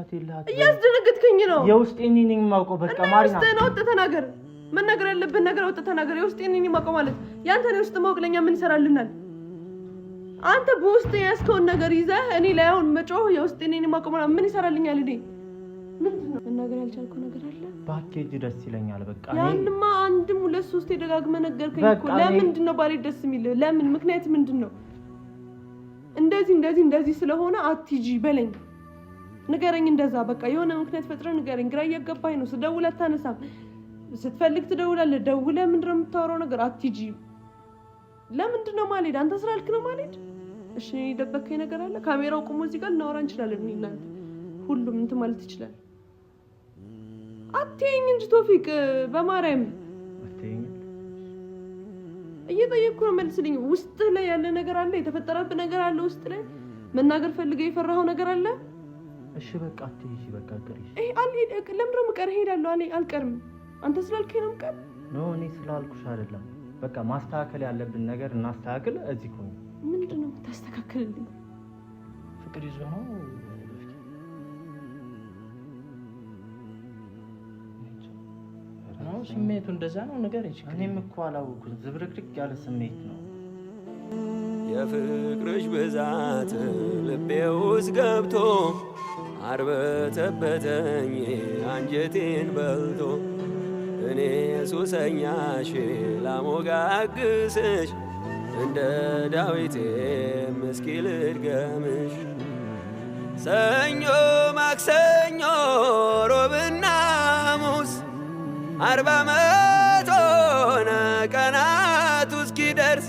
ምክንያት የለህም። እያስደነገጥከኝ ነው። የውስጤን እኔ ነኝ የማውቀው። በቃ ማርያም እና ወጥተህ ተናገር። መናገር ያለብን ነገር ወጥተህ ተናገር። የውስጤን እኔ ነኝ የማውቀው ማለት ያንተ ነው። ውስጥ ማወቅ ለእኛ ምን ይሰራልናል? አንተ በውስጥ የያዝከውን ነገር ይዘህ እኔ ላይ አሁን መጮህ የውስጤን እኔ ነኝ የማውቀው ማለት ምን ይሰራልኛል? እኔ መናገር ያልቻልኩ ነገር አለ? ባኬጅ ደስ ይለኛል። በቃ ያንማ አንድም ሁለት ሶስት ደጋግመህ ነገርከኝ እኮ። ለምንድን ነው ባሌ ደስ የሚል? ለምን ምክንያት ምንድን ነው? እንደዚህ እንደዚህ እንደዚህ ስለሆነ አትጂ በለኝ ንገረኝ። እንደዛ በቃ የሆነ ምክንያት ፈጥረ ንገረኝ። ግራ እያገባኝ ነው። ስደውል አታነሳም። ስትፈልግ ትደውላለ። ደውለ ምንድን ነው የምታወራው ነገር? አትጂ ለምንድን ነው ማልሄድ? አንተ ስላልክ ነው ማልሄድ። እሺ የደበከኝ ነገር አለ? ካሜራው ቁሞ እዚህ ጋር ልናወራ እንችላለን። እናንተ ሁሉም እንትን ማለት ይችላል። አትይኝ እንጂ ቶፊቅ፣ በማርያም እየጠየቅኩ ነው፣ መልስልኝ። ውስጥ ላይ ያለ ነገር አለ? የተፈጠረብህ ነገር አለ? ውስጥ ላይ መናገር ፈልገህ የፈራኸው ነገር አለ? እሺ በቃ አትሄጂ። በቃ ቅሪሽ እይ አልሄድ። ለምንድን ነው የምቀር? እሄዳለሁ። አለ አልቀርም። አንተ ስላልከኝ ነው የምቀር። ኖ እኔ ስላልኩሽ አይደለም። በቃ ማስተካከል ያለብን ነገር እናስተካክል። እዚህ እኮ ነው። ምንድን ነው የምታስተካክልልኝ? ፍቅር ይዞ ነው ነው ስሜቱ እንደዛ ነው ነገር ይችላል። እኔም እኮ አላወኩም። ዝብርቅርቅ ያለ ስሜት ነው የፍቅርሽ ብዛት ልቤ ውስጥ ገብቶ አርበተበተኝ አንጀቴን በልቶ እኔ ሱሰኛሽ ላሞጋግስሽ እንደ ዳዊቴ እስኪ ልድገምሽ ሰኞ፣ ማክሰኞ፣ ሮብና ሐሙስ አርባ መቶ ሆነ ቀናቱ እስኪደርስ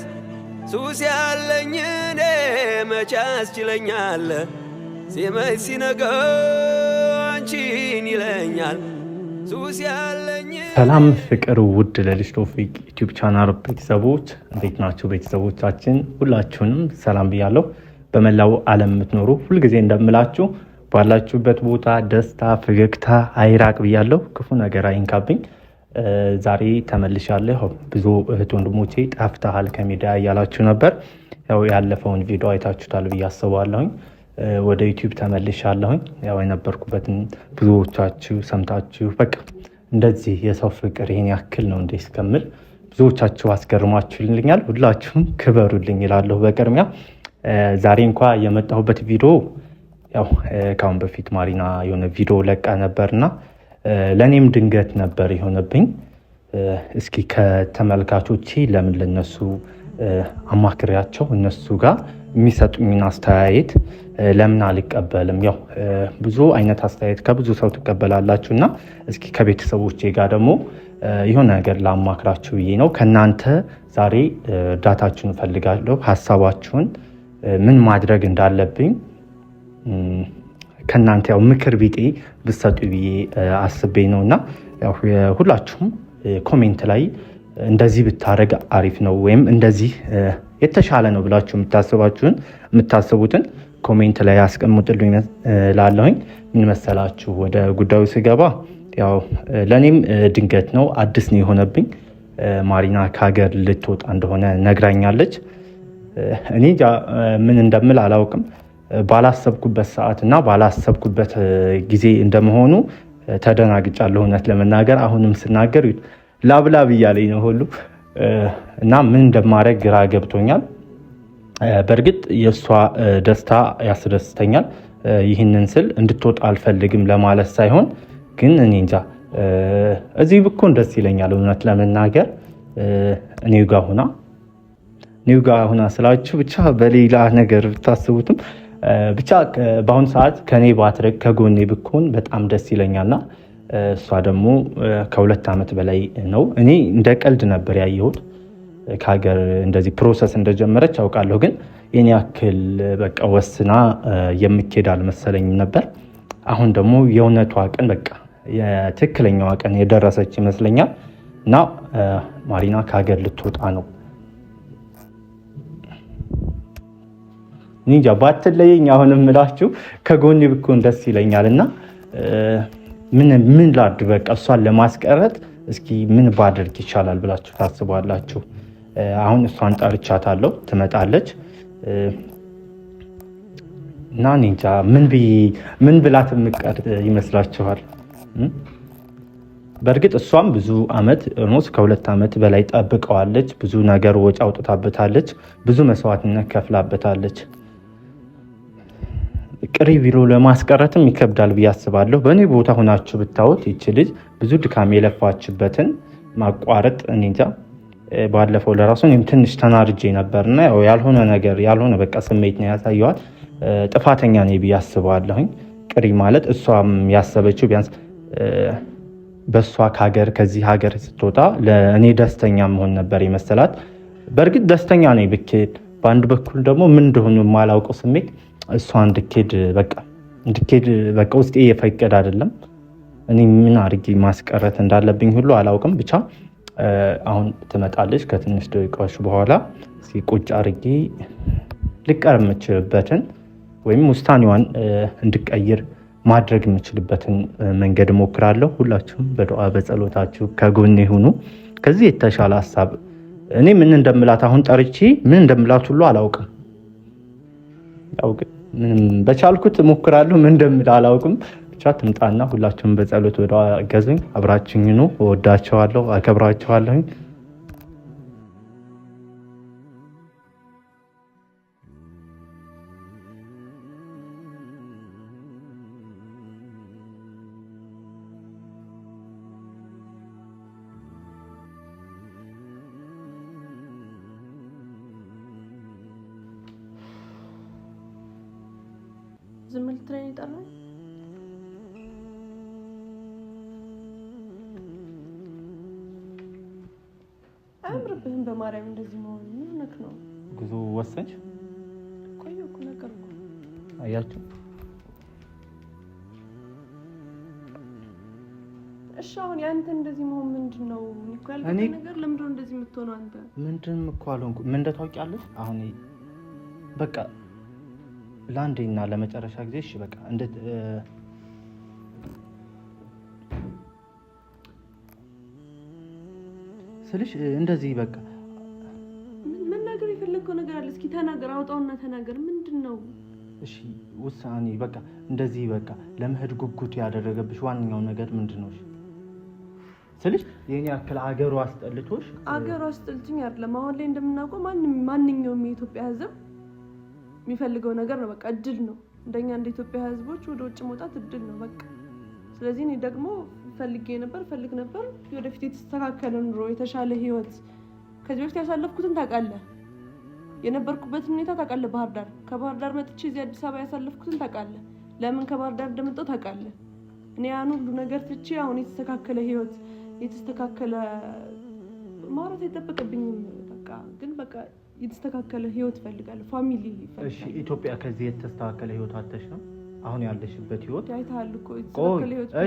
ሱስ ያለኝ እኔ መቻ አስችለኛለ ሲመሽ ሲነጋ አንቺን ይለኛል ሱስ ያለኝ። ሰላም ፍቅር፣ ውድ ለልጅ ቶፊቅ ዩቲዩብ ቻናል ቤተሰቦች እንዴት ናቸው? ቤተሰቦቻችን ሁላችሁንም ሰላም ብያለሁ። በመላው ዓለም የምትኖሩ ሁልጊዜ እንደምላችሁ ባላችሁበት ቦታ ደስታ፣ ፈገግታ አይራቅ ብያለሁ። ክፉ ነገር አይንካብኝ። ዛሬ ተመልሻለሁ። ብዙ እህት ወንድሞቼ ጠፍተሃል ከሚዲያ እያላችሁ ነበር። ያው ያለፈውን ቪዲዮ አይታችሁታል ብዬ አስባለሁኝ። ወደ ዩቲዩብ ተመልሻለሁኝ። ያው የነበርኩበትን ብዙዎቻችሁ ሰምታችሁ በቃ እንደዚህ የሰው ፍቅር ይሄን ያክል ነው እንዴ እስከምል ብዙዎቻችሁ አስገርማችሁልኛል። ሁላችሁም ክበሩልኝ ይላለሁ። በቅድሚያ ዛሬ እንኳ የመጣሁበት ቪዲዮ ያው ከአሁን በፊት ማሪና የሆነ ቪዲዮ ለቃ ነበርና ለእኔም ድንገት ነበር የሆነብኝ። እስኪ ከተመልካቾቼ ለምን ለነሱ አማክሪያቸው እነሱ ጋር የሚሰጡኝን አስተያየት ለምን አልቀበልም? ያው ብዙ አይነት አስተያየት ከብዙ ሰው ትቀበላላችሁ እና እስኪ ከቤተሰቦቼ ጋር ደግሞ የሆነ ነገር ላማክራችሁ ብዬ ነው። ከእናንተ ዛሬ እርዳታችሁን እፈልጋለሁ። ሀሳባችሁን ምን ማድረግ እንዳለብኝ ከእናንተ ያው ምክር ቢጤ ብሰጡ ብዬ አስቤ ነው እና ሁላችሁም ኮሜንት ላይ እንደዚህ ብታደረግ አሪፍ ነው ወይም እንደዚህ የተሻለ ነው ብላችሁ የምታስባችሁን የምታስቡትን ኮሜንት ላይ ያስቀምጡልኝ። ላለሁኝ ምን መሰላችሁ፣ ወደ ጉዳዩ ስገባ ያው ለእኔም ድንገት ነው አዲስ ነው የሆነብኝ። ማሪና ከሀገር ልትወጣ እንደሆነ ነግራኛለች። እኔ ምን እንደምል አላውቅም። ባላሰብኩበት ሰዓት እና ባላሰብኩበት ጊዜ እንደመሆኑ ተደናግጫለሁ። እውነት ለመናገር አሁንም ስናገር ላብላብ እያለኝ ነው ሁሉ እና ምን እንደማድረግ ግራ ገብቶኛል። በእርግጥ የእሷ ደስታ ያስደስተኛል። ይህንን ስል እንድትወጣ አልፈልግም ለማለት ሳይሆን ግን እኔ እንጃ እዚህ ብኮን ደስ ይለኛል። እውነት ለመናገር እኔው ጋ ሁና እኔው ጋ ሁና ስላችሁ ብቻ በሌላ ነገር ብታስቡትም ብቻ በአሁኑ ሰዓት ከእኔ ባትረግ ከጎኔ ብኮን በጣም ደስ ይለኛልና እሷ ደግሞ ከሁለት ዓመት በላይ ነው። እኔ እንደ ቀልድ ነበር ያየሁት ከሀገር እንደዚህ ፕሮሰስ እንደጀመረች አውቃለሁ፣ ግን የኔ ያክል በቃ ወስና የምትሄድ አልመሰለኝም ነበር። አሁን ደግሞ የእውነቷ ቀን በቃ የትክክለኛዋ ቀን የደረሰች ይመስለኛል እና ማሪና ከሀገር ልትወጣ ነው። እንጃ ባትለየኝ፣ አሁንም እላችሁ ከጎኔ ብኮን ደስ ይለኛል እና ምን ላድ በቃ እሷን ለማስቀረት እስኪ ምን ባደርግ ይቻላል ብላችሁ ታስባላችሁ? አሁን እሷን ጠርቻታለሁ፣ ትመጣለች እና እኔ እንጃ ምን ብላት የምቀር ይመስላችኋል? በእርግጥ እሷም ብዙ አመት ኦልሞስት ከሁለት ዓመት በላይ ጠብቀዋለች። ብዙ ነገር ወጪ አውጥታበታለች። ብዙ መስዋዕትነት ከፍላበታለች። ቅሪ ቢሎ ለማስቀረትም ይከብዳል ብዬ አስባለሁ። በእኔ ቦታ ሆናችሁ ብታዩት ይች ልጅ ብዙ ድካም የለፋችበትን ማቋረጥ እኔጃ ባለፈው ለራሱ እኔም ትንሽ ተናርጄ ነበርና ያው ያልሆነ ነገር ያልሆነ በቃ ስሜት ነው ያሳየዋል። ጥፋተኛ ነኝ ብዬ አስባለሁኝ። ቅሪ ማለት እሷም ያሰበችው ቢያንስ በእሷ ከሀገር ከዚህ ሀገር ስትወጣ ለእኔ ደስተኛ መሆን ነበር የመሰላት። በእርግጥ ደስተኛ ነኝ ብኬድ፣ በአንድ በኩል ደግሞ ምን እንደሆኑ የማላውቀው ስሜት እሷ እንድኬድ በቃ እንድኬድ በቃ ውስጤ የፈቀድ አይደለም። እኔ ምን አድርጌ ማስቀረት እንዳለብኝ ሁሉ አላውቅም። ብቻ አሁን ትመጣለች ከትንሽ ደቂቃዎች በኋላ ቁጭ አድርጌ ልቀር የምችልበትን ወይም ውሳኔዋን እንድቀይር ማድረግ የምችልበትን መንገድ እሞክራለሁ። ሁላችሁም በዱዓ በጸሎታችሁ ከጎን ሁኑ። ከዚህ የተሻለ ሀሳብ እኔ ምን እንደምላት አሁን ጠርቼ ምን እንደምላት ሁሉ አላውቅም። በቻልኩት እሞክራለሁ። ምን እንደምል አላውቅም። ብቻ ትምጣና ሁላችሁም በጸሎት ወደ ገዝኝ አብራችኝ ነው። እወዳቸዋለሁ፣ አከብራቸዋለሁኝ። ዝም ልትለኝ የጠራኝ? አያምርብህም። በማርያም እንደዚህ መሆን ምን ነው? ጉዞ ወሰንሽ? ቆየሁ እኮ ነገርኩህ። አያችሁ። እሺ አሁን የአንተ እንደዚህ መሆን ምንድን ነው? እኔ ነገር ለምንድን ነው እንደዚህ የምትሆነው አንተ? ምንድን እኮ አልሆንኩም። ምን እንደታውቂያለሽ አሁን በቃ ለአንዴና ለመጨረሻ ጊዜ እሺ በቃ ስልሽ እንደዚህ በቃ መናገር የፈለግከው ነገር አለ፣ እስኪ ተናገር፣ አውጣውና ተናገር። ምንድን ነው? እሺ ውሳኔ በቃ እንደዚህ በቃ ለመሄድ ጉጉት ያደረገብሽ ዋነኛው ነገር ምንድን ነው ስልሽ? የኔ ያክል አገሩ አስጠልቶሽ? አገሩ አስጠልቶኝ አይደለም። አሁን ላይ እንደምናውቀው ማንኛውም የኢትዮጵያ ሕዝብ የሚፈልገው ነገር ነው። በቃ እድል ነው። እንደኛ እንደ ኢትዮጵያ ህዝቦች ወደ ውጭ መውጣት እድል ነው። በቃ ስለዚህ እኔ ደግሞ ፈልጌ ነበር ፈልግ ነበር ወደፊት የተስተካከለ ኑሮ፣ የተሻለ ህይወት ከዚህ በፊት ያሳለፍኩትን ታውቃለህ፣ የነበርኩበትን ሁኔታ ታውቃለህ። ባህር ዳር ከባህር ዳር መጥቼ እዚህ አዲስ አበባ ያሳለፍኩትን ታውቃለህ። ለምን ከባህር ዳር እንደመጣሁ ታውቃለህ። እኔ ያን ሁሉ ነገር ትቼ አሁን የተስተካከለ ህይወት የተስተካከለ ማውራት አይጠበቅብኝም። በቃ ግን በቃ የተስተካከለ ህይወት እፈልጋለሁ። ፋሚሊ ይፈልጋል። ኢትዮጵያ ከዚህ የተስተካከለ ህይወት አተሽ ነው አሁን ያለሽበት ህይወት አይተሃል እኮ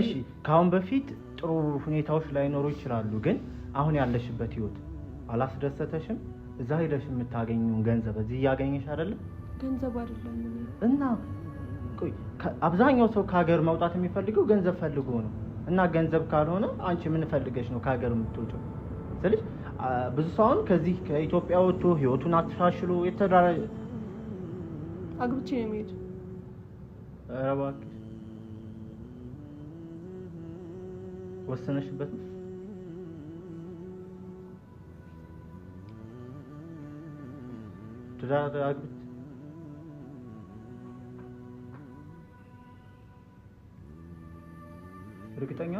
እሺ ከአሁን በፊት ጥሩ ሁኔታዎች ላይኖሩ ይችላሉ፣ ግን አሁን ያለሽበት ህይወት አላስደሰተሽም? እዛ ሄደሽ የምታገኙን ገንዘብ እዚህ እያገኘሽ አይደለም። ገንዘብ አይደለም እና አብዛኛው ሰው ከሀገር መውጣት የሚፈልገው ገንዘብ ፈልጎ ነው። እና ገንዘብ ካልሆነ አንቺ ምን ፈልገሽ ነው ከሀገር የምትወጪው ስልሽ ብዙ ሰውን ከዚህ ከኢትዮጵያ ወጥቶ ህይወቱን አትሻሽሉ የተዳረ አግብቼ ነው የሚሄድ። ኧረ ወሰነሽበት። ትዳር እርግጠኛ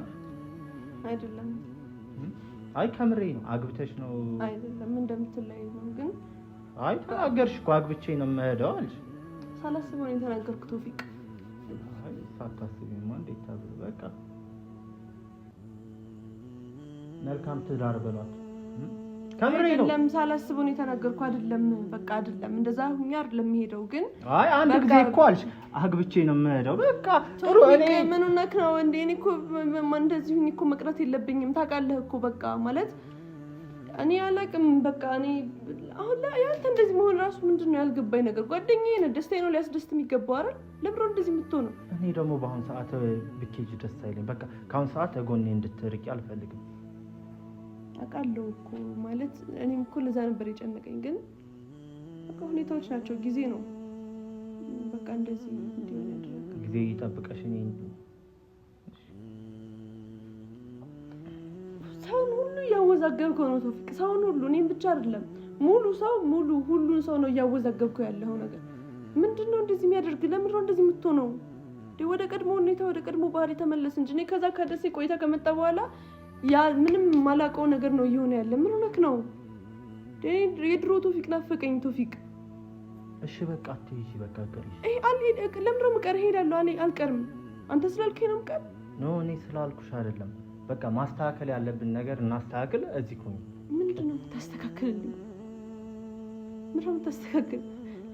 አይደለም አይ ከምሬ ነው። አግብተሽ ነው አይደለም እንደምትለይ ነው። ግን አይ ተናገርሽ እኮ አግብቼ ነው የምሄደው አልሽ። ሳላስበው ነው የተናገርኩት። ቶፊቅ ሳታስቢማ እንዴት ታብሎ በቃ መልካም ትዳር በሏት። ተምሬ ነው አይደለም፣ ሳላስበው ነው የተናገርኩ። አይደለም በቃ አይደለም፣ እንደዛ ሁኛ አይደለም የምሄደው። ግን አይ አንድ ጊዜ እኮ አልሽ አግብቼ ነው የምሄደው። በቃ ጥሩ። እኔ ምን ነክ ነው እንዴ? እኔ እኮ እንደዚህ ሁኝ እኮ መቅረት የለብኝም ታውቃለህ እኮ በቃ ማለት እኔ አላቅም። በቃ እኔ አሁን ላይ አንተ እንደዚህ መሆን ራሱ ምንድን ነው ያልገባኝ ነገር። ጓደኛዬ ነው፣ ደስታዬ ነው፣ ሊያስደስት የሚገባው አይደል? ለምሮ እንደዚህ የምትሆነው። እኔ ደግሞ በአሁኑ ሰዓት ብኬጅ ደስ አይለኝ። በቃ ከአሁኑ ሰዓት ጎኔ እንድትርቂ አልፈልግም። አውቃለሁ እኮ ማለት እኔም እኮ ለዛ ነበር የጨነቀኝ። ግን በቃ ሁኔታዎች ናቸው፣ ጊዜ ነው። በቃ እንደዚህ እንዲሆን ያደረገ ጊዜ ይጠብቀሽ። ሰውን ሁሉ እያወዛገብከው ነው ቶፊቅ፣ ሰውን ሁሉ እኔም ብቻ አይደለም፣ ሙሉ ሰው ሙሉ ሁሉን ሰው ነው እያወዛገብከው ያለው ነገር። ምንድን ነው እንደዚህ የሚያደርግ? ለምንድን ነው እንደዚህ የምትሆነው? ወደ ቀድሞ ሁኔታ ወደ ቀድሞ ባህሪ ተመለስ እንጂ እኔ ከዛ ከደሴ ቆይታ ከመጣ በኋላ ያ ምንም የማላውቀው ነገር ነው እየሆነ ያለ። ምን ሆነክ ነው? የድሮ ቶፊቅ ናፈቀኝ። ቶፊቅ እሺ በቃ አትይ፣ በቃ አትቀሪሽ። አይ አልሄድ ለምንድን ነው የምቀር? እሄዳለሁ። እኔ አልቀርም። አንተ ስላልከኝ ነው የምቀር። ኖ እኔ ስላልኩሽ አይደለም። በቃ ማስተካከል ያለብን ነገር እናስተካክል። እዚህ ኮኝ ምንድን ነው የምታስተካክልልኝ? ምንድን ነው የምታስተካክል?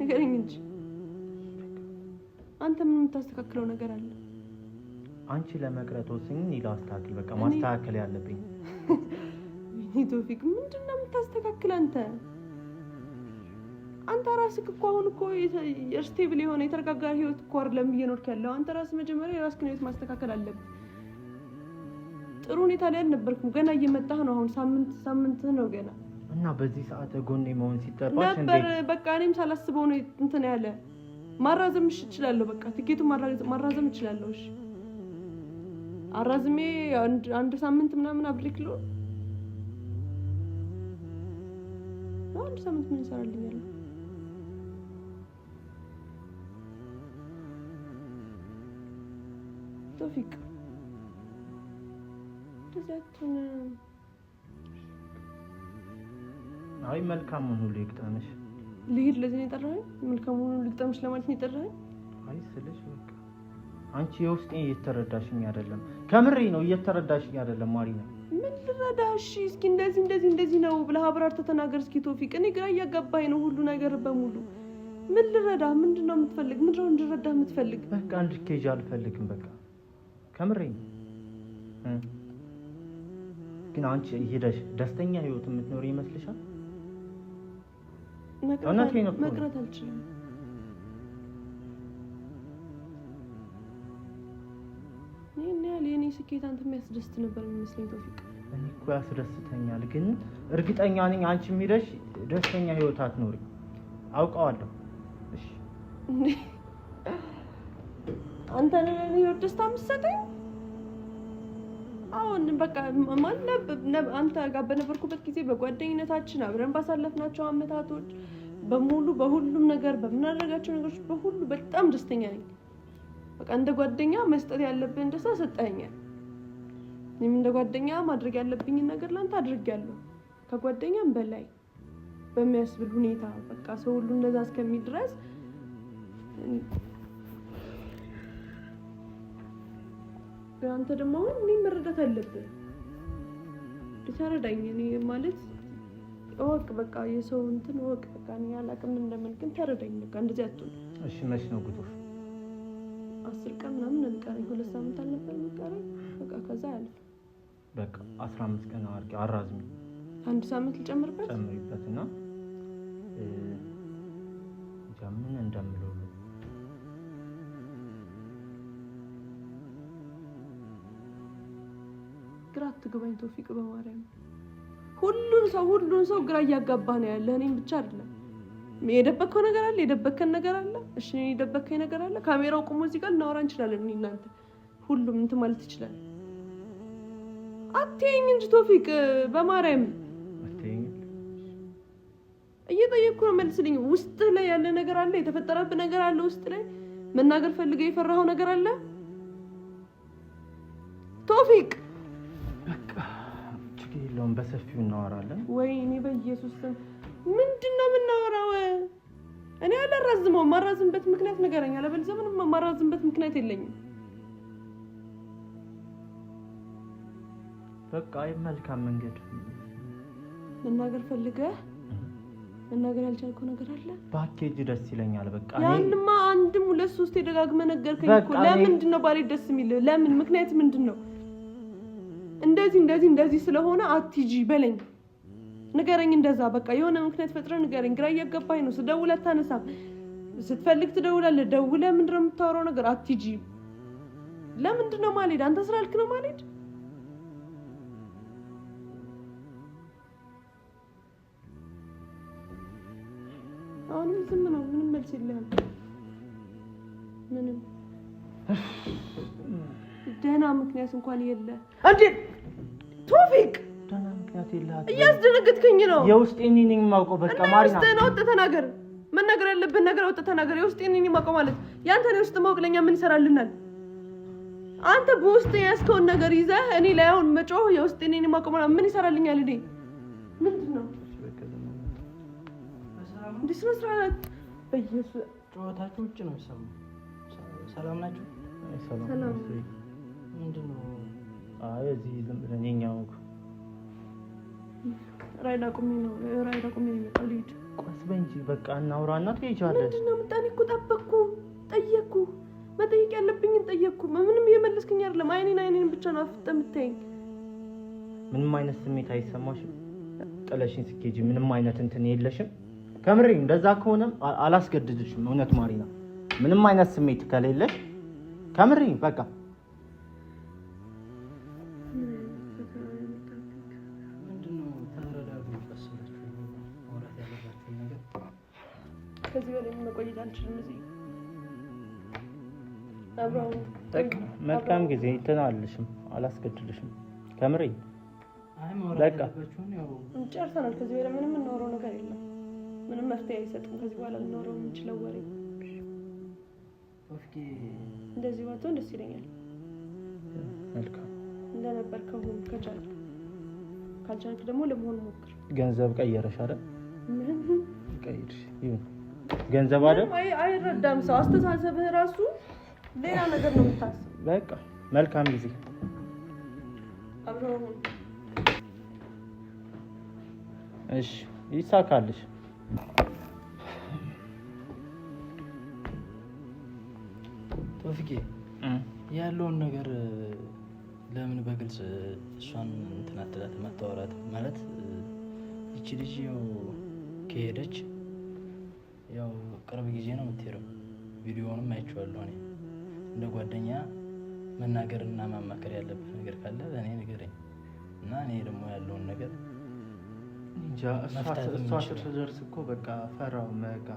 ንገረኝ እንጂ አንተ ምን የምታስተካክለው ነገር አለ? አንቺ ለመቅረት ወስኝ ይለው አስተካክል፣ በቃ ማስተካከል ያለብኝ ቶፊቅ። ምንድን ነው የምታስተካክል አንተ? አንተ ራስህ እኮ አሁን እኮ ስቴብል የሆነ የተረጋጋ ህይወት እኮ አይደለም እየኖርክ ያለው አንተ ራስህ። መጀመሪያ የራስህን ህይወት ማስተካከል አለብህ። ጥሩ ሁኔታ ላይ አልነበርኩም። ገና እየመጣህ ነው አሁን ሳምንት ሳምንት ነው ገና እና በዚህ ሰዓት ጎኔ መሆን ሲጠባሽ ነበር። በቃ እኔም ሳላስበው ነው እንትን ያለ ማራዘም እችላለሁ። በቃ ትኬቱ ማራዘም እችላለሁ። እሺ አራዝሜ አንድ ሳምንት ምናምን አብሬ ክሎ አንድ ሳምንት ምን ይሰራልኛል? ቶፊቅ ትዛቱን አይ መልካም ሆኖ ልግጠምሽ ልሂድ። ለዚህ ነው የጠራኸኝ? መልካም ሆኖ ልግጠምሽ ለማለት ነው የጠራኸኝ? አይ ስልሽ በቃ አንቺ የውስጤ እየተረዳሽኝ አይደለም። ከምሬ ነው እየተረዳሽኝ አይደለም ማሪና። ምን ልረዳሽ? እስኪ እንደዚህ እንደዚህ እንደዚህ ነው ብለህ አብራርተህ ተናገር እስኪ ቶፊቅ። እኔ ግራ እያጋባኝ ነው ሁሉ ነገር በሙሉ። ምን ልረዳ? ምንድን ነው የምትፈልግ? ምንድን ነው የምትፈልግ? በቃ እንድትኬጂ አልፈልግም። በቃ ከምሬ ነው። ግን አንቺ ሄደሽ ደስተኛ ህይወት የምትኖር ይመስልሻል? መቅረት አልችልም የእኔ ስኬት አንተ የሚያስደስት ነበር የሚመስለኝ ቶፊቅ። እኔ እኮ ያስደስተኛል፣ ግን እርግጠኛ ነኝ አንቺ የሚለሽ ደስተኛ ህይወት አትኖሪ። አውቀዋለሁ። አንተ ህይወት ደስታ ምሰጠኝ አሁን በቃ ማን አንተ ጋር በነበርኩበት ጊዜ በጓደኝነታችን አብረን ባሳለፍናቸው አመታቶች በሙሉ በሁሉም ነገር በምናደርጋቸው ነገሮች በሁሉ በጣም ደስተኛ ነኝ። በቃ እንደ ጓደኛ መስጠት ያለብን ደስታ ሰጠኸኛል። እኔም እንደ ጓደኛ ማድረግ ያለብኝን ነገር ላንተ አድርጌያለሁ። ከጓደኛም በላይ በሚያስብል ሁኔታ በቃ ሰው ሁሉ እንደዛ እስከሚል ድረስ አንተ ደግሞ አሁን እኔ መረዳት አለብን። ተረዳኝ። እኔ ማለት እወቅ፣ በቃ የሰው እንትን እወቅ። በቃ እኔ አላቅም እንደምን፣ ግን ተረዳኝ። በቃ እንደዚህ አትሆን። እሺ መች ነው ጉዱፍ አስር ቀን ምናምን የሚቀረኝ ሁለት ሳምንት አልነበር የሚቀረኝ። በቃ ከዛ ያለ በቃ አስራ አምስት ቀን አድርጌ አራዝሚ አንድ ሳምንት ልጨምርበት ጨምሪበት እና ምን እንደምለው ግራ አትግባኝ ቶፊቅ በማርያም ሁሉን ሰው ሁሉን ሰው ግራ እያጋባ ነው ያለ እኔም ብቻ አይደለም። የደበከው ነገር አለ፣ የደበከን ነገር አለ። እሺ የደበከኝ ነገር አለ። ካሜራው ቆሞ እዚህ ጋር እናወራ እንችላለን። እናንተ ሁሉም እንትን ማለት ይችላል። አትይኝ እንጂ ቶፊቅ፣ በማርያም እየጠየቅኩ ነው፣ መልስልኝ። ውስጥ ላይ ያለ ነገር አለ፣ የተፈጠረብህ ነገር አለ፣ ውስጥ ላይ መናገር ፈልገው የፈራኸው ነገር አለ ቶፊቅ። በቃ ችግር የለውም፣ በሰፊው እናወራለን። ወይ እኔ በኢየሱስ ስም ምንድን ነው የምናወራው? እኔ አላራዝመው። ማራዝምበት ምክንያት ንገረኝ፣ አለበለዚያ ምንም ማራዝምበት ምክንያት የለኝም። በቃ መልካም መንገድ መናገር ፈልገህ መናገር ያልቻልከው ነገር አለ? ፓኬጅ ደስ ይለኛል። በቃ ያንማ አንድም ሁለት ሶስት ደጋግመህ ነገርከኝ እኮ። ለምንድን ነው ባሌ ደስ የሚል? ለምን ምክንያት ምንድን ነው? እንደዚህ እንደዚህ እንደዚህ ስለሆነ አትጂ በለኝ። ንገረኝ፣ እንደዛ በቃ የሆነ ምክንያት ፈጥረ ንገረኝ። ግራ እያገባኝ ነው። ስደውል አታነሳም፣ ስትፈልግ ትደውላለህ። ደውለህ ምንድን ነው የምታወራው ነገር? አትጂ ለምንድን ነው ማልሄድ? አንተ ስላልክ ነው ማልሄድ አሁንም ዝም ነው። ምንም መልስ የለህም። ምንም ደህና ምክንያት እንኳን የለ እንዴ ቶፊቅ ምክንያት የለህም። እያስደነገጥከኝ ነው። የውስጤ እኔ ነኝ የማውቀው። በቃ ማርያም እና ወጥተህ ተናገር። መናገር ያለብን ነገር ወጥተህ ተናገር። የውስጤ እኔ ነኝ የማውቀው ማለት ያንተ ነው። የውስጥ ማወቅ ለእኛ ምን ይሰራልናል? አንተ በውስጥ የያዝከውን ነገር ይዘህ እኔ ላይ አሁን መጮህ የውስጥ እኔ ነኝ የማውቀው ማለት ምን ይሰራልኛል? እኔ ምንድን ነው እንደ ስነ ስርዓት በኢየሱስ ጨዋታችሁ ውጭ ነው የሚሰማው። ሰላም ናችሁ? ሰላም ምንድን ነው? አይ እዚህ ዝም ብለን የእኛ ራይዳ ቁሚ ነው ራይዳ ቁሚ ነው ልሂድ። ቆስ በቃ እናውራ እና ትሄጃለሽ። ምንድን ነው እኮ ጠበቅኩ፣ ጠየቅኩ፣ መጠየቅ ያለብኝን ጠየቅኩ። ምንም እየመለስክኝ አይደለም። አይኔን አይኔን ብቻ ነው አፍጠ የምታየኝ ምንም አይነት ስሜት አይሰማሽም? ጥለሽኝ ስትሄጂ ምንም አይነት እንትን የለሽም? ከምሬ እንደዛ ከሆነ አላስገድድሽም። እውነት ማሪና፣ ምንም አይነት ስሜት ከሌለሽ ከምሬ በቃ ከዚህ በላይ መቆየት አልችልም። እዚህ መልካም ጊዜ እንትን አላስገድልሽም። ከምሬ በቃ ጨርሰናል። ከዚህ በላይ ምንም የምናወራው ነገር የለም። ምንም መፍትሄ አይሰጥም። ከዚህ በኋላ ልናወራው የምንችለው ወሬ እንደዚህ ባትሆን ደስ ይለኛል። እንደነበር ከሆን ከቻልክ ካልቻልክ ደግሞ ለመሆን ሞክር። ገንዘብ ቀየረሽ አይደል? ምን ቀይር ይሁን ገንዘብ አይደል? አይረዳም ሰው አስተሳሰብህ ራሱ ሌላ ነገር ነው የምታስብ። በቃ መልካም ጊዜ እሺ፣ ይሳካልሽ። ቶፊቄ ያለውን ነገር ለምን በግልጽ እሷን እንትን አትላት መታወራት ማለት ይቺ ልጅ ከሄደች ያው ቅርብ ጊዜ ነው የምትሄደው። ቪዲዮውንም አይቼዋለሁ እኔ። እንደ ጓደኛ መናገርና ማማከር ያለበት ነገር ካለ እኔ ንገረኝ እና እኔ ደግሞ ያለውን ነገር እሷ ስትደርስ እኮ በቃ ፈራው መጋ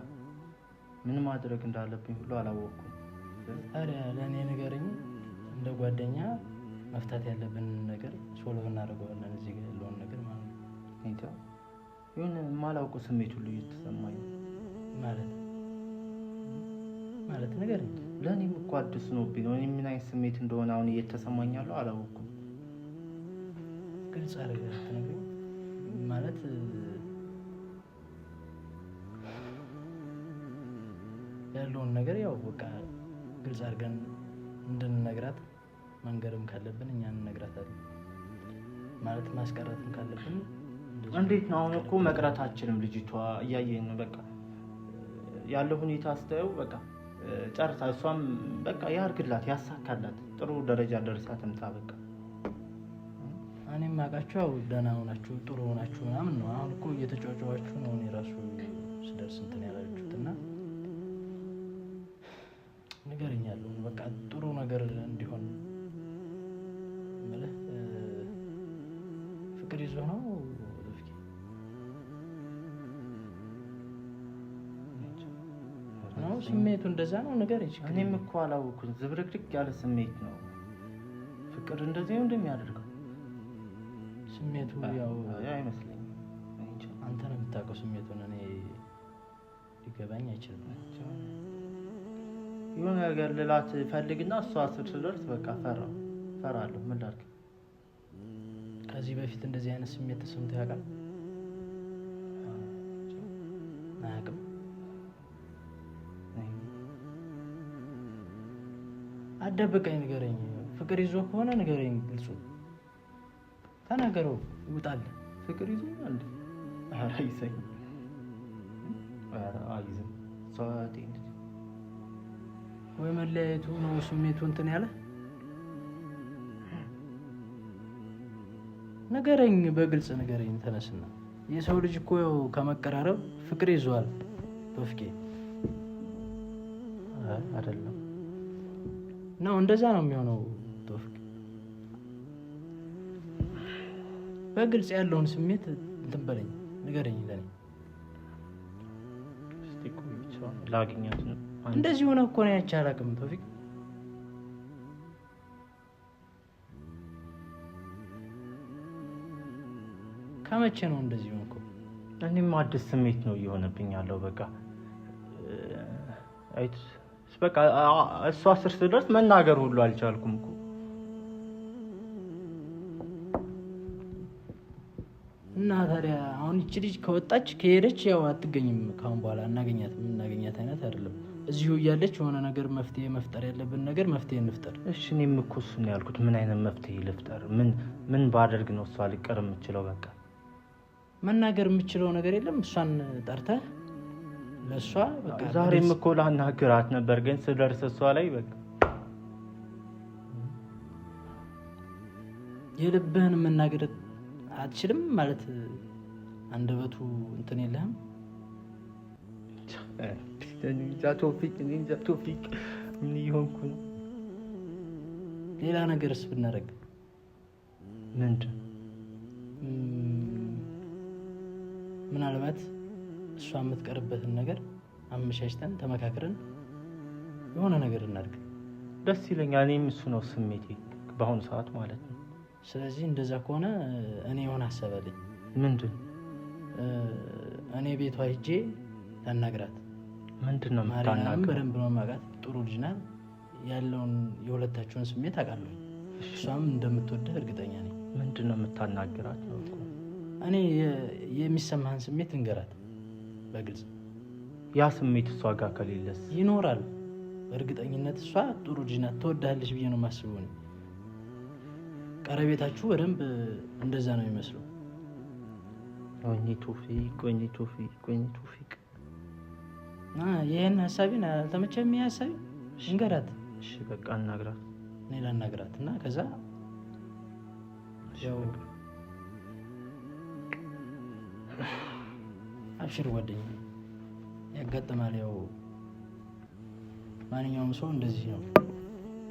ምን ማድረግ እንዳለብኝ ሁሉ አላወቅኩም። ኧረ ለእኔ ንገረኝ እንደ ጓደኛ መፍታት ያለብንን ነገር ሶልቭ እናደርገዋለን። እዚህ ያለውን ነገር ማለት ነው። የሆነ የማላውቀው ስሜት ሁሉ እየተሰማኝ ማለት ማለት ነገር ለእኔም እኮ አዲስ ነው ቢሆን እኔ ምን አይነት ስሜት እንደሆነ አሁን እየተሰማኝ ያለው አላወኩም። ግልጽ አረጋት ነገር ማለት ያለውን ነገር ያው በቃ ግልጽ አድርገን እንድንነግራት መንገርም ካለብን እኛ እንነግራታለን። ማለት ማስቀረትም ካለብን እንዴት ነው? አሁን እኮ መቅረት አችልም። ልጅቷ እያየን በቃ ያለው ሁኔታ ስታየው በቃ ጨርሳ እሷም በቃ ያርግላት፣ ያሳካላት፣ ጥሩ ደረጃ ደርሳ ትምጣ። በቃ እኔም ማቃቸው ያው ደህና ሆናችሁ ጥሩ ሆናችሁ ምናምን ነው። አሁን እኮ እየተጫጫዋችሁ ነው። እኔ ራሱ ስደርስ እንትን ያላችሁት እና ንገረኝ በቃ ጥሩ ነገር እንዲሆን ፍቅር ይዞ ነው ነው ስሜቱ እንደዛ ነው። ነገር ይችላል። እኔም እኮ አላወኩም። ዝብርቅርቅ ያለ ስሜት ነው ፍቅር እንደዚህ ነው እንደሚያደርገው ስሜቱ ያው አይመስለኝም። አንተ ነው የምታውቀው ስሜቱን። እኔ ሊገባኝ አይችልም። የሆነ ነገር ልላት ፈልግና እሷ ስር ስደርስ በቃ ፈራ ፈራለሁ። ምን ላድርግ? ከዚህ በፊት እንደዚህ አይነት ስሜት ተሰምቶ ያውቃል? አያውቅም አደበቀኝ ንገረኝ። ፍቅር ይዞ ከሆነ ንገረኝ። ግልጹ ተናገረው። ይውጣል። ፍቅር ይዞ አለ አይዘኝ አይዘኝ ወይ መለያየቱ ነው ስሜቱ እንትን ያለ ንገረኝ፣ በግልጽ ንገረኝ። ተነስና የሰው ልጅ እኮ ያው ከመቀራረብ ፍቅር ይዟል በፍቄ አይደለም ነው። እንደዛ ነው የሚሆነው። ቶፊቅ በግልጽ ያለውን ስሜት እንትን በለኝ፣ ንገረኝ። ለኔ እንደዚህ ሆነ እኮ ነው ያቺ አላውቅም። ቶፊቅ ከመቼ ነው እንደዚህ ሆንኩ? እኔም አዲስ ስሜት ነው እየሆነብኝ ያለው። በቃ አይት በቃ እሷ አስር ስደርስ መናገር ሁሉ አልቻልኩም እኮ እና ታዲያ አሁን ይቺ ልጅ ከወጣች ከሄደች ያው አትገኝም። ካሁን በኋላ እናገኛት እናገኛት አይነት አይደለም። እዚሁ እያለች የሆነ ነገር መፍትሄ መፍጠር ያለብን ነገር መፍትሄ እንፍጠር። እሺ እኔም እኮ እሱን ነው ያልኩት። ምን አይነት መፍትሄ ልፍጠር? ምን ምን ባደርግ ነው እሷ ሊቀር የምችለው? በቃ መናገር የምችለው ነገር የለም። እሷን ጠርተህ ለእሷ ዛሬም እኮ ላናግራት ነበር፣ ግን ስደርስ እሷ ላይ በቃ የልብህን መናገር አትችልም ማለት አንደበቱ እንትን የለህም። ቶፊቅ ቶፊቅ ምን እየሆንኩ ነው? ሌላ ነገርስ ብናደርግ ምንድን ምናልባት እሷ የምትቀርበትን ነገር አመሻሽተን ተመካክረን የሆነ ነገር እናድርግ። ደስ ይለኛል። እኔም እሱ ነው ስሜቴ በአሁኑ ሰዓት ማለት ነው። ስለዚህ እንደዛ ከሆነ እኔ የሆነ አሰበልኝ ምንድን? እኔ ቤቷ ሂጄ ታናግራት። ምንድን ነው ማርያም? በደንብ ነው ጥሩ ልጅ ናት። ያለውን የሁለታችሁን ስሜት አውቃለሁ። እሷም እንደምትወደ እርግጠኛ ነኝ። ምንድን ነው የምታናግራት? እኔ የሚሰማህን ስሜት እንገራት በግልጽ ያ ስሜት እሷ ጋር ከሌለስ ይኖራል። በእርግጠኝነት እሷ ጥሩ ልጅ ናት፣ ትወዳለች ብዬ ነው የማስበው። ቀረቤታችሁ በደንብ እንደዛ ነው የሚመስለው። ወይኔ ቶፊቅ፣ ወይኔ ቶፊቅ፣ ወይኔ ቶፊቅ። ይህን ሀሳቢን አልተመቸም። ይህ ሀሳቤ እንገራት። እሺ በቃ አናግራት፣ እኔ ላናግራት እና ከዛ ያው አብሽር ጓደኛ፣ ያጋጥማል። ያው ማንኛውም ሰው እንደዚህ ነው።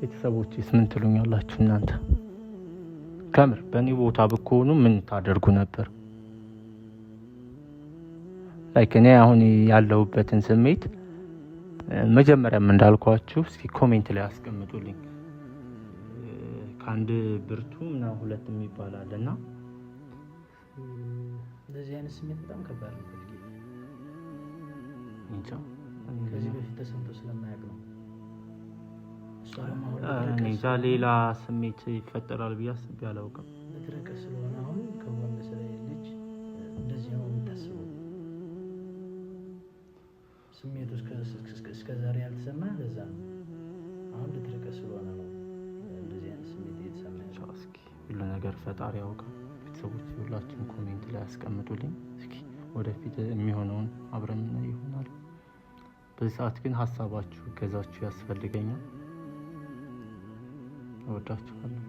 ቤተሰቦችስ ምን ትሉኛላችሁ እናንተ? ከምር በእኔ ቦታ ብትሆኑ ምን ታደርጉ ነበር? ላይክ እኔ አሁን ያለሁበትን ስሜት መጀመሪያም እንዳልኳችሁ እስኪ ኮሜንት ላይ አስቀምጡልኝ። ከአንድ ብርቱ እና ሁለት የሚባል አለ እና እንደዚህ አይነት ስሜት በጣም ከባድ ነው። ሌላ ስሜት ይፈጠራል ብዬ አስቤ አላውቅም። ሰዓት ግን ሀሳባችሁ ገዛችሁ ያስፈልገኛል። እወዳችኋለሁ።